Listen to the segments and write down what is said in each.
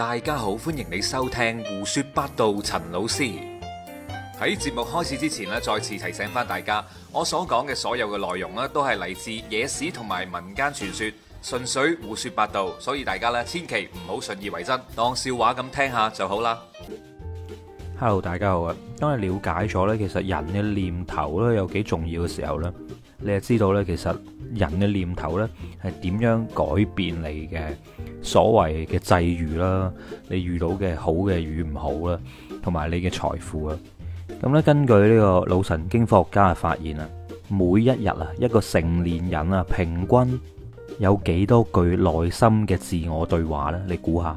大家好，歡迎你收聽胡說八道。陳老師喺節目開始之前咧，再次提醒翻大家，我所講嘅所有嘅內容咧，都係嚟自野史同埋民間傳說，純粹胡說八道，所以大家咧千祈唔好信以為真，當笑話咁聽下就好啦。Hello，大家好啊！當你了解咗咧，其實人嘅念頭咧有幾重要嘅時候咧，你就知道咧，其實人嘅念頭咧係點樣改變你嘅。所謂嘅際遇啦，你遇到嘅好嘅與唔好啦，同埋你嘅財富啊，咁咧根據呢個腦神經科學家嘅發現啊，每一日啊，一個成年人啊，平均有幾多句內心嘅自我對話呢？你估下？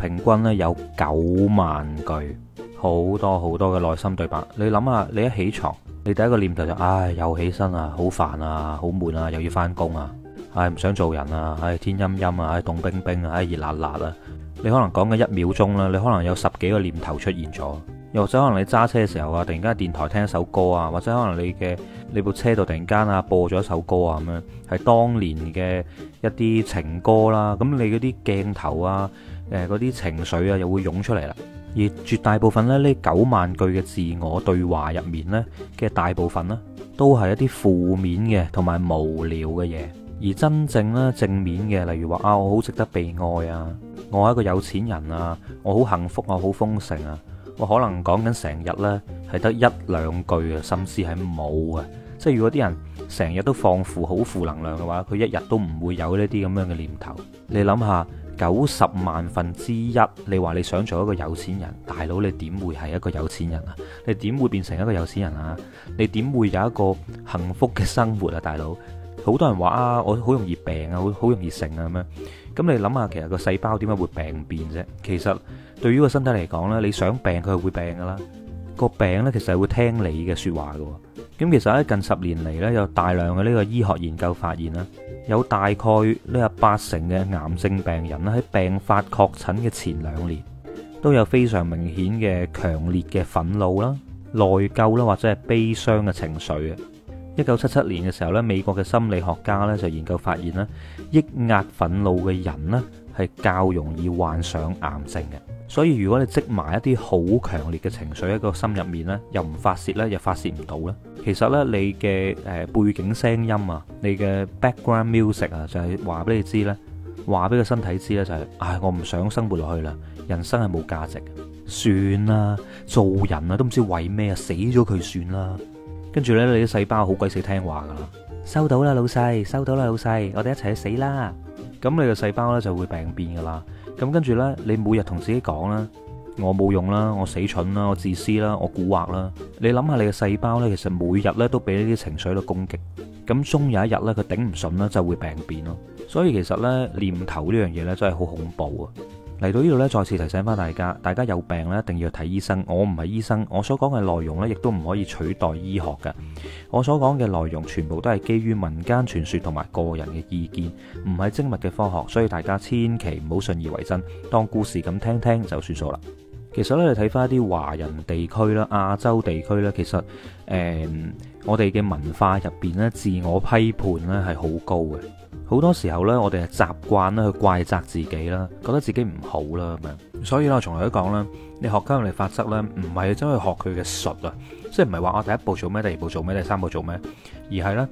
平均呢有九萬句，好多好多嘅內心對白。你諗下，你一起床，你第一個念頭就唉、哎、又起身啊，好煩啊，好悶啊，又要返工啊。唉，唔想做人啊！唉、哎，天陰陰啊！唉、哎，凍冰冰啊！唉、哎，熱辣辣啊。你可能講緊一秒鐘啦，你可能有十幾個念頭出現咗。又或者可能你揸車嘅時候啊，突然間喺電台聽一首歌啊，或者可能你嘅你部車度突然間啊播咗一首歌啊咁樣，係當年嘅一啲情歌啦。咁你嗰啲鏡頭啊，誒嗰啲情緒啊，又會湧出嚟啦。而絕大部分咧，呢九萬句嘅自我對話入面呢，嘅大部分呢，都係一啲負面嘅同埋無聊嘅嘢。而真正咧，正面嘅，例如話啊，我好值得被愛啊，我係一個有錢人啊，我好幸福啊，好豐盛啊，我可能講緊成日呢係得一兩句，甚至係冇啊。即係如果啲人成日都放負好負能量嘅話，佢一日都唔會有呢啲咁樣嘅念頭。你諗下，九十萬分之一，你話你想做一個有錢人，大佬你點會係一個有錢人啊？你點會變成一個有錢人啊？你點會有一個幸福嘅生活啊，大佬？好多人話啊，我好容易病啊，好好容易成啊咁樣。咁你諗下，其實個細胞點解會病變啫？其實對於個身體嚟講咧，你想病佢係會病噶啦。個病呢，其實係會聽你嘅説話㗎。咁其實喺近十年嚟呢，有大量嘅呢個醫學研究發現啦，有大概呢有八成嘅癌症病人咧，喺病發確診嘅前兩年，都有非常明顯嘅強烈嘅憤怒啦、內疚啦或者係悲傷嘅情緒嘅。一九七七年嘅時候咧，美國嘅心理學家咧就研究發現咧，抑壓憤怒嘅人咧係較容易患上癌症嘅。所以如果你積埋一啲好強烈嘅情緒喺個心入面咧，又唔發洩咧，又發洩唔到咧，其實咧，你嘅誒背景聲音啊，你嘅 background music 啊，就係話俾你知咧，話俾個身體知咧，就係，唉，我唔想生活落去啦，人生係冇價值，算啦，做人啊都唔知為咩啊，死咗佢算啦。跟住呢，你啲細胞好鬼死聽話噶啦，收到啦老細，收到啦老細，我哋一齊去死啦！咁你嘅細胞呢就會病變噶啦。咁跟住呢，你每日同自己講啦：「我冇用啦，我死蠢啦，我自私啦，我蠱惑啦。」你諗下，你嘅細胞呢，其實每日呢都俾呢啲情緒去攻擊，咁終有一日呢，佢頂唔順啦，就會病變咯。所以其實呢，念頭呢樣嘢呢，真係好恐怖啊！嚟到呢度咧，再次提醒翻大家，大家有病咧一定要睇醫生。我唔係醫生，我所講嘅內容咧，亦都唔可以取代醫學㗎。我所講嘅內容全部都係基於民間傳說同埋個人嘅意見，唔係精密嘅科學，所以大家千祈唔好信以為真，當故事咁聽聽就算數啦。其實咧，你睇翻一啲華人地區啦、亞洲地區咧，其實誒、呃，我哋嘅文化入邊咧，自我批判咧係好高嘅。好多時候呢，我哋係習慣咧去怪責自己啦，覺得自己唔好啦咁樣。所以我從來都講啦，你學吸引力法則呢，唔係真去學佢嘅術啊，即係唔係話我第一步做咩，第二步做咩，第三步做咩，而係呢，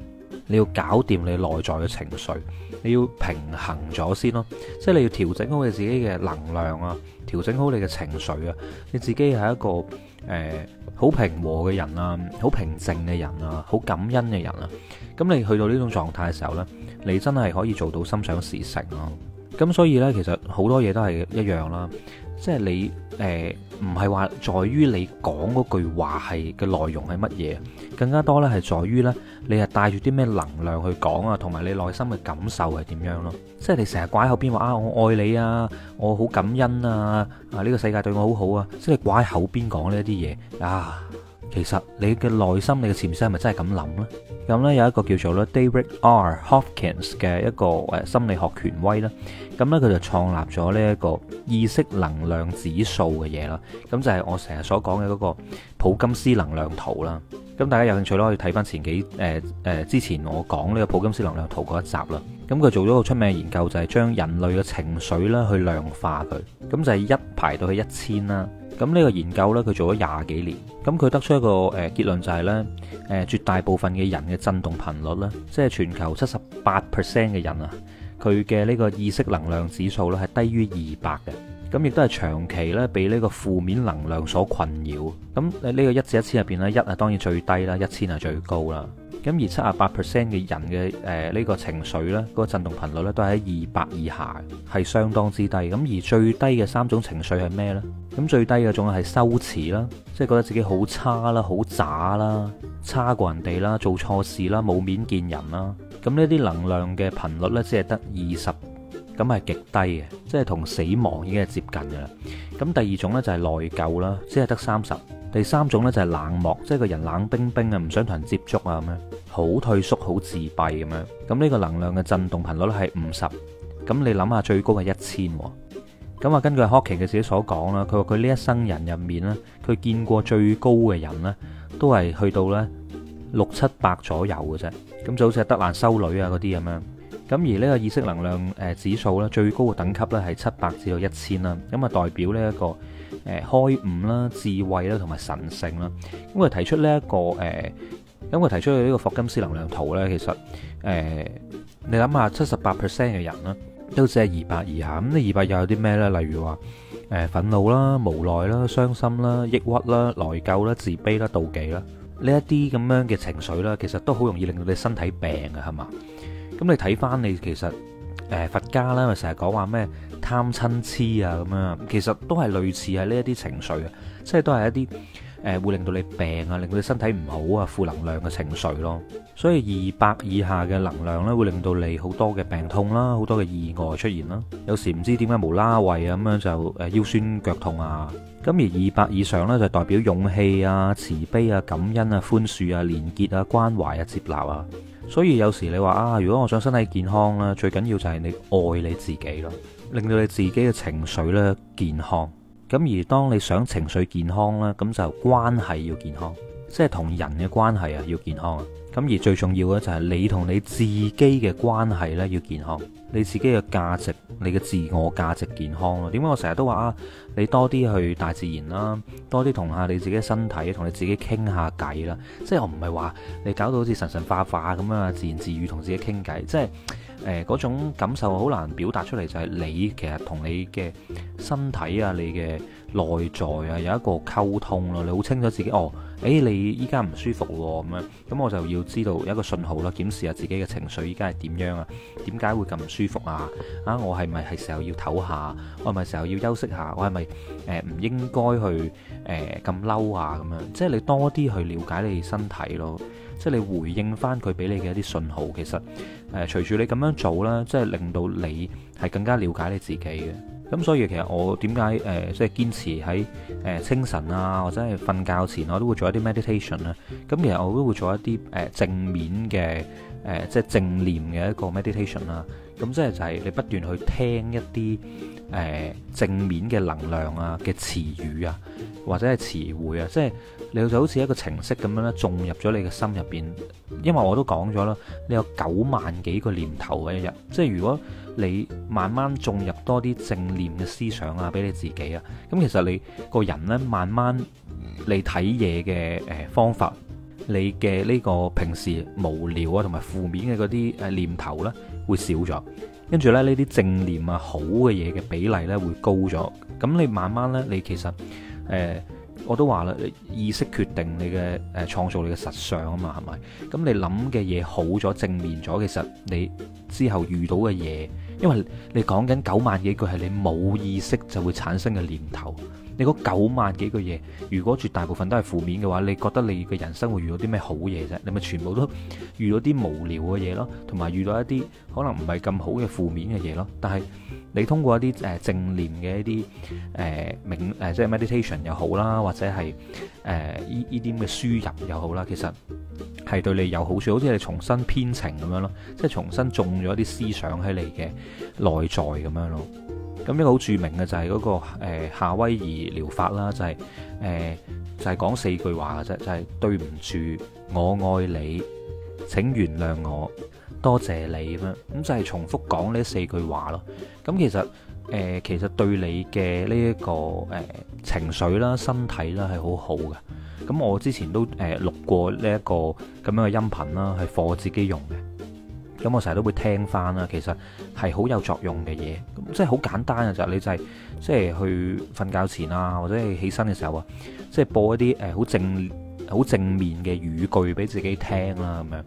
你要搞掂你內在嘅情緒，你要平衡咗先咯。即係你要調整好你自己嘅能量啊，調整好你嘅情緒啊，你自己係一個誒，呃好平和嘅人啊，好平靜嘅人啊，好感恩嘅人啊。咁你去到呢種狀態嘅時候呢，你真係可以做到心想事成咯啊。咁所以呢，其實好多嘢都係一樣啦。即係你誒，唔係話在於你講嗰句話係嘅內容係乜嘢，更加多呢係在於呢，你係帶住啲咩能量去講啊，同埋你內心嘅感受係點樣咯。即係你成日掛喺口邊話啊，我愛你啊，我好感恩啊，啊呢個世界對我好好啊，即係掛喺口邊講呢啲嘢啊。其實你嘅內心，你嘅潛意識係咪真係咁諗呢？咁呢，有一個叫做咧 David R. Hopkins 嘅一個誒心理學權威啦，咁呢，佢就創立咗呢一個意識能量指數嘅嘢啦。咁就係我成日所講嘅嗰個普金斯能量圖啦。咁大家有興趣都可以睇返前幾誒誒、呃、之前我講呢個普金斯能量圖嗰一集啦。咁佢做咗個出名嘅研究，就係、是、將人類嘅情緒啦去量化佢，咁就係一排到去一千啦。咁呢個研究呢，佢做咗廿幾年，咁佢得出一個誒結論就係、是、呢：誒絕大部分嘅人嘅震動頻率呢，即係全球七十八 percent 嘅人啊，佢嘅呢個意識能量指數呢係低於二百嘅，咁亦都係長期呢，被呢個負面能量所困擾。咁呢個一至一千入邊呢，一啊當然最低啦，一千係最高啦。咁而七啊八 percent 嘅人嘅誒呢個情緒呢，嗰個震動頻率咧都係喺二百以下，係相當之低。咁而最低嘅三種情緒係咩呢？咁最低嘅一種係羞恥啦，即係覺得自己好差啦、好渣啦、差過人哋啦、做錯事啦、冇面見人啦。咁呢啲能量嘅頻率呢，只係得二十，咁係極低嘅，即係同死亡已經係接近嘅啦。咁第二種呢，就係內疚啦，只係得三十。第三種呢就係冷漠，即係個人冷冰冰啊，唔想同人接觸啊咁樣，好退縮、好自閉咁樣。咁呢個能量嘅震動頻率咧係五十。咁你諗下最高係一千喎。咁啊，根據霍奇嘅自己所講啦，佢話佢呢一生人入面呢，佢見過最高嘅人呢，都係去到呢六七百左右嘅啫。咁就好似德蘭修女啊嗰啲咁樣。咁而呢個意識能量誒指數呢，最高嘅等級呢係七百至到一千啦。咁啊代表呢一個。誒開悟啦、智慧啦、同埋神性啦，咁佢提出呢、這、一個誒，咁、呃、佢提出嘅呢個霍金斯能量圖咧，其實誒、呃，你諗下七十八 percent 嘅人啦，都只係二百以下。咁你二百又有啲咩咧？例如話誒、呃，憤怒啦、無奈啦、傷心啦、抑鬱啦、內疚啦、自卑啦、妒忌啦，呢一啲咁樣嘅情緒啦，其實都好容易令到你身體病㗎，係嘛？咁你睇翻你其實。誒佛家啦，咪成日講話咩貪嗔痴啊咁樣，其實都係類似係呢一啲情緒啊，即係都係一啲誒、呃、會令到你病啊，令到你身體唔好啊，負能量嘅情緒咯。所以二百以下嘅能量呢，會令到你好多嘅病痛啦，好多嘅意外出現啦。有時唔知點解無啦為啊咁樣就誒腰酸腳痛啊。咁而二百以上呢，就代表勇氣啊、慈悲啊、感恩啊、寬恕啊、連結啊、關懷啊、接納啊。所以有時你話啊，如果我想身體健康咧，最緊要就係你愛你自己咯，令到你自己嘅情緒咧健康。咁而當你想情緒健康啦，咁就關係要健康，即係同人嘅關係啊要健康啊。咁而最重要嘅就係你同你自己嘅關係咧要健康。你自己嘅價值，你嘅自我價值健康咯。點解我成日都話啊，你多啲去大自然啦，多啲同下你自己身體，同你自己傾下偈啦。即係我唔係話你搞到好似神神化化咁樣啊，自言自語同自己傾偈。即係誒嗰種感受好難表達出嚟，就係你其實同你嘅身體啊，你嘅內在啊有一個溝通咯。你好清楚自己哦。誒，你依家唔舒服喎，咁樣，咁我就要知道一個信號啦，檢視下自己嘅情緒依家係點樣啊？點解會咁唔舒服啊？啊，我係咪係時候要唞下？我係咪時候要休息下？我係咪誒唔應該去誒咁嬲啊？咁樣，即係你多啲去了解你身體咯，即係你回應翻佢俾你嘅一啲信號，其實誒，隨住你咁樣做啦，即係令到你係更加了解你自己嘅。咁所以其實我點解誒即係堅持喺誒、呃、清晨啊，或者係瞓覺前我都會做一啲 meditation 啦、啊。咁其實我都會做一啲誒、呃、正面嘅誒即係正念嘅一個 meditation 啦、啊。咁即係就係你不斷去聽一啲誒、呃、正面嘅能量啊嘅詞語啊，或者係詞彙啊，即係你就好似一個程式咁樣咧，種入咗你嘅心入邊。因為我都講咗啦，你有九萬幾個念頭嘅一日。即係如果你慢慢種入多啲正念嘅思想啊，俾你自己啊，咁其實你個人呢，慢慢你睇嘢嘅誒方法，你嘅呢個平時無聊啊同埋負面嘅嗰啲誒念頭呢會少咗。跟住咧，呢啲正念啊，好嘅嘢嘅比例呢會高咗。咁你慢慢呢，你其實～誒、呃，我都話啦，意識決定你嘅誒創造你嘅實相啊嘛，係咪？咁、嗯、你諗嘅嘢好咗，正面咗，其實你之後遇到嘅嘢，因為你講緊九萬幾句係你冇意識就會產生嘅念頭。你嗰九萬幾個嘢，如果絕大部分都係負面嘅話，你覺得你嘅人生會遇到啲咩好嘢啫？你咪全部都遇到啲無聊嘅嘢咯，同埋遇到一啲可能唔係咁好嘅負面嘅嘢咯。但係你通過一啲誒、呃、正念嘅一啲誒明誒，即係 meditation 又好啦，或者係誒呢呢啲咁嘅輸入又好啦，其實係對你有好處，好似你重新編程咁樣咯，即係重新種咗一啲思想喺你嘅內在咁樣咯。咁一個好著名嘅就係嗰、那個、呃、夏威夷療法啦，就係、是、誒、呃、就係、是、講四句話嘅啫，就係、是、對唔住，我愛你，請原諒我，多謝你咁樣，咁就係重複講呢四句話咯。咁其實誒、呃、其實對你嘅呢一個誒、呃、情緒啦、身體啦係好好嘅。咁我之前都誒、呃、錄過呢、這、一個咁樣嘅音頻啦，係 for 自己用嘅。咁我成日都會聽返啦，其實係好有作用嘅嘢，咁即係好簡單嘅就係你就係即係去瞓覺前啊，或者係起身嘅時候啊，即係播一啲誒好正好正面嘅語句俾自己聽啦，咁樣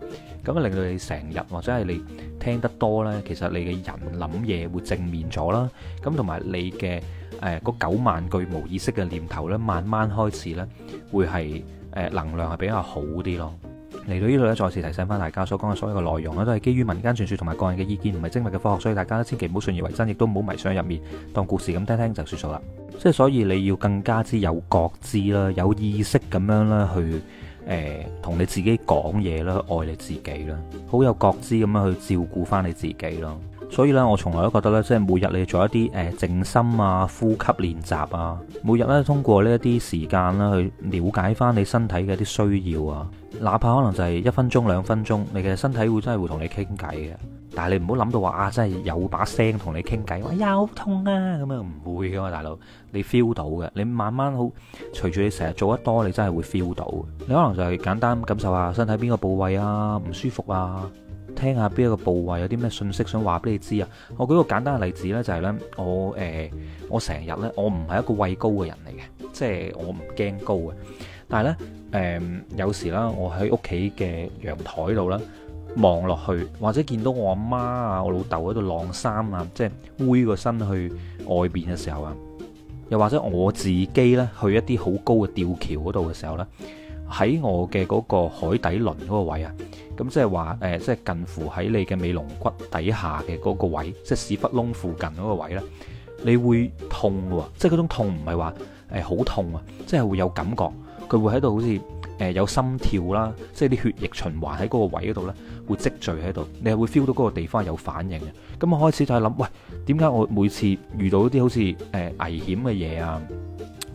咁令到你成日或者係你聽得多呢，其實你嘅人諗嘢會正面咗啦，咁同埋你嘅誒嗰九萬句無意識嘅念頭呢，慢慢開始呢會係誒能量係比較好啲咯。嚟到呢度咧，再次提醒翻大家，所講嘅所有嘅內容咧，都係基於民間傳説同埋個人嘅意見，唔係精密嘅科學，所以大家千祈唔好信以為真，亦都唔好迷上入面當故事咁聽聽就算數啦。即係所以你要更加之有覺知啦，有意識咁樣啦，去誒同你自己講嘢啦，愛你自己啦，好有覺知咁樣去照顧翻你自己咯。所以咧，我從來都覺得咧，即係每日你做一啲誒、呃、靜心啊、呼吸練習啊，每日咧通過呢一啲時間啦、啊、去了解翻你身體嘅一啲需要啊，哪怕可能就係一分鐘、兩分鐘，你嘅身體會真係會同你傾偈嘅。但係你唔好諗到話啊，真係有把聲同你傾偈，我又、哎、痛啊咁樣，唔會嘅喎，大佬，你 feel 到嘅，你慢慢好，隨住你成日做得多，你真係會 feel 到。你可能就係簡單感受下身體邊個部位啊唔舒服啊。聽下邊一個部位有啲咩信息想話俾你知啊？我舉個簡單嘅例子呢就係呢。我誒我成日呢，我唔係一個畏高嘅人嚟嘅，即係我唔驚高嘅。但係呢，誒、呃，有時啦，我喺屋企嘅陽台度啦望落去，或者見到我阿媽啊、我老豆喺度晾衫啊，即係彎個身去外邊嘅時候啊，又或者我自己呢，去一啲好高嘅吊橋嗰度嘅時候呢。喺我嘅嗰個海底輪嗰個位啊，咁即係話誒，即係近乎喺你嘅尾龍骨底下嘅嗰個位，即係屎忽窿附近嗰個位呢，你會痛喎，即係嗰種痛唔係話誒好痛啊，即係會有感覺，佢會喺度好似誒、呃、有心跳啦，即係啲血液循環喺嗰個位嗰度呢，會積聚喺度，你係會 feel 到嗰個地方有反應嘅。咁我開始就係諗，喂，點解我每次遇到一啲好似誒、呃、危險嘅嘢啊，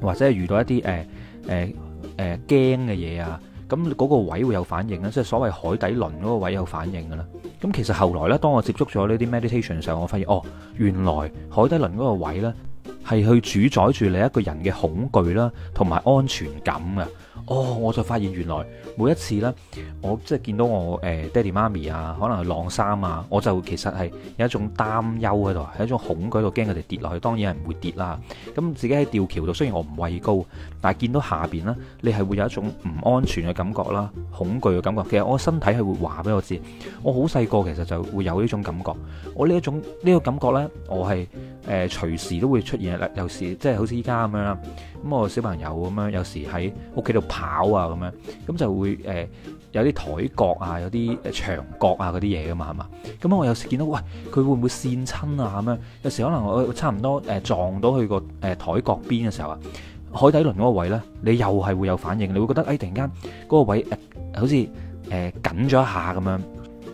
或者係遇到一啲誒誒，呃呃呃誒驚嘅嘢啊，咁嗰個位會有反應啊，即係所謂海底輪嗰個位有反應嘅啦。咁其實後來呢，當我接觸咗呢啲 meditation 上，我發現哦，原來海底輪嗰個位呢，係去主宰住你一個人嘅恐懼啦，同埋安全感啊。哦，oh, 我就發現原來每一次呢，我即係見到我誒、呃、爹地媽咪啊，可能晾衫啊，我就其實係有一種擔憂喺度，係一種恐懼度，驚佢哋跌落去，當然係唔會跌啦。咁自己喺吊橋度，雖然我唔畏高，但係見到下邊呢，你係會有一種唔安全嘅感覺啦，恐懼嘅感覺。其實我身體係會話俾我知，我好細個其實就會有呢種感覺。我呢一種呢、這個感覺呢，我係誒隨時都會出現，有時即係好似依家咁樣啦。咁我小朋友咁樣，有時喺屋企度跑啊咁樣，咁就會誒有啲台角啊，有啲誒牆角啊嗰啲嘢噶嘛，係嘛？咁我有時見到，喂，佢會唔會跣親啊咁樣？有時可能我差唔多誒、呃、撞到佢個誒台角邊嘅時候啊，海底輪嗰個位咧，你又係會有反應，你會覺得誒、哎、突然間嗰個位誒、呃、好似誒、呃、緊咗一下咁樣，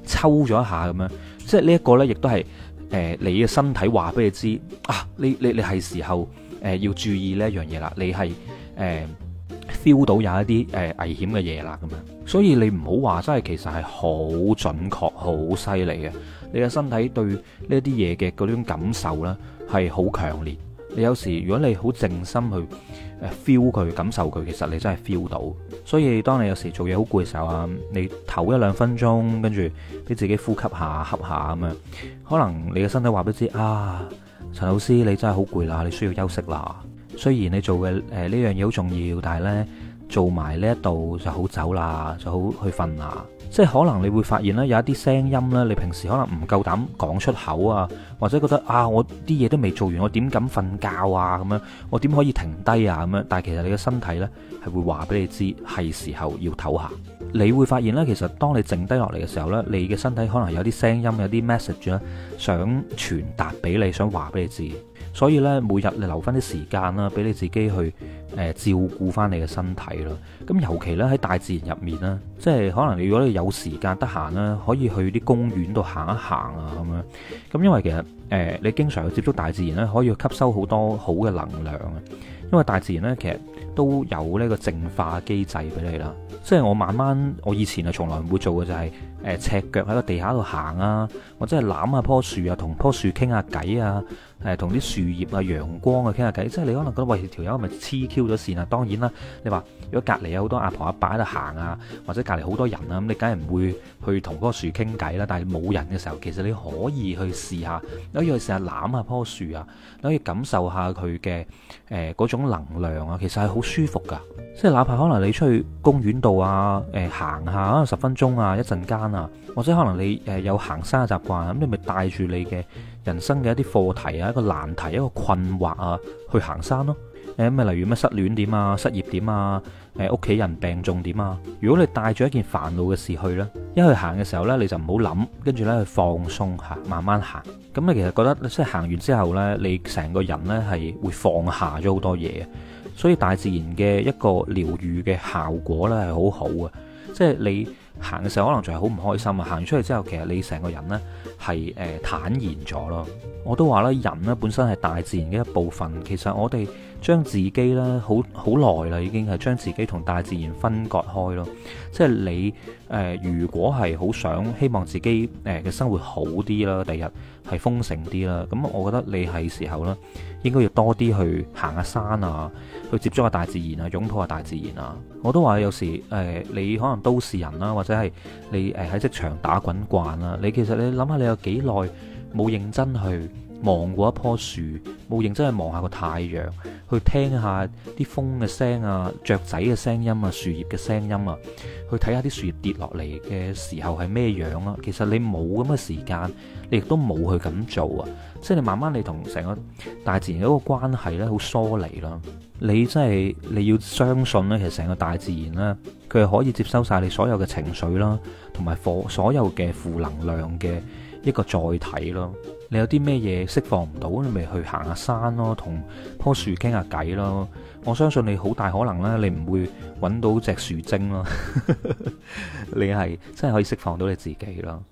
抽咗一下咁樣，即係呢一個咧，亦都係誒、呃、你嘅身體話俾你知啊，你你你係時候。誒、呃、要注意呢一樣嘢啦，你係誒 feel 到有一啲誒、呃、危險嘅嘢啦咁樣，所以你唔好話真係其實係好準確、好犀利嘅。你嘅身體對呢啲嘢嘅嗰種感受呢係好強烈。你有時如果你好靜心去 feel 佢、感受佢，其實你真係 feel 到。所以當你有時做嘢好攰嘅時候啊，你唞一兩分鐘，跟住俾自己呼吸下、吸下咁樣，可能你嘅身體話俾你知啊。陳老師，你真係好攰啦，你需要休息啦。雖然你做嘅誒呢樣嘢好重要，但係呢，做埋呢一度就好走啦，就好去瞓啦。即係可能你會發現咧，有一啲聲音咧，你平時可能唔夠膽講出口啊，或者覺得啊，我啲嘢都未做完，我點敢瞓覺啊咁樣，我點可以停低啊咁樣？但係其實你嘅身體呢，係會話俾你知，係時候要唞下。你會發現呢，其實當你靜低落嚟嘅時候呢，你嘅身體可能有啲聲音，有啲 message 咧想傳達俾你，想話俾你知。所以呢，每日你留翻啲時間啦，俾你自己去。誒照顧翻你嘅身體啦，咁尤其咧喺大自然入面啦，即係可能你如果你有時間得閒啦，可以去啲公園度行一行啊咁樣，咁因為其實誒、呃、你經常去接觸大自然咧，可以吸收好多好嘅能量啊，因為大自然呢，其實都有呢個淨化機制俾你啦，即係我慢慢我以前啊從來唔會做嘅就係、是、誒、呃、赤腳喺個地下度行啊，或者係攬下棵樹啊，同棵樹傾下偈啊。係同啲樹葉啊、陽光啊傾下偈，即係你可能覺得喂條友咪黐 Q 咗線啊！當然啦，你話如果隔離有好多阿婆阿伯喺度行啊，或者隔離好多人啊，咁你梗係唔會去同嗰棵樹傾偈啦。但係冇人嘅時候，其實你可以去試下，你可以去試下攬下棵樹啊，你可以感受下佢嘅誒嗰種能量啊，其實係好舒服㗎。即係哪怕可能你出去公園度啊，誒、呃、行下可能十分鐘啊，一陣間啊，或者可能你誒有行山嘅習慣，咁你咪帶住你嘅。人生嘅一啲課題啊，一個難題，一個困惑啊，去行山咯。誒咩？例如咩失戀點啊，失業點啊，誒屋企人病重點啊。如果你帶住一件煩惱嘅事去咧，一去行嘅時候呢，你就唔好諗，跟住呢去放鬆下，慢慢行。咁你其實覺得，即係行完之後呢，你成個人呢係會放下咗好多嘢，所以大自然嘅一個療愈嘅效果呢係好好嘅，即係你。行嘅時候可能仲係好唔開心啊！行出去之後，其實你成個人呢係誒坦然咗咯。我都話啦，人呢本身係大自然嘅一部分，其實我哋。將自己咧好好耐啦，已經係將自己同大自然分割開咯。即係你誒、呃，如果係好想希望自己誒嘅、呃、生活好啲啦，第日係豐盛啲啦，咁我覺得你係時候啦，應該要多啲去行下山啊，去接觸下大自然啊，擁抱下大自然啊。我都話有時誒、呃，你可能都市人啦、啊，或者係你誒喺職場打滾慣啦，你其實你諗下，你有幾耐冇認真去望過一棵樹，冇認真去望下個太陽，去聽下啲風嘅聲啊、雀仔嘅聲音啊、樹葉嘅聲音啊，去睇下啲樹葉跌落嚟嘅時候係咩樣啊。其實你冇咁嘅時間，你亦都冇去咁做啊。即係你慢慢你同成個大自然嗰個關係呢，好疏離啦。你真係你要相信呢，其實成個大自然呢，佢係可以接收晒你所有嘅情緒啦，同埋負所有嘅負能量嘅。一個載體咯，你有啲咩嘢釋放唔到，你咪去行下山咯，同棵樹傾下偈咯。我相信你好大可能咧，你唔會揾到隻樹精咯， 你係真係可以釋放到你自己咯。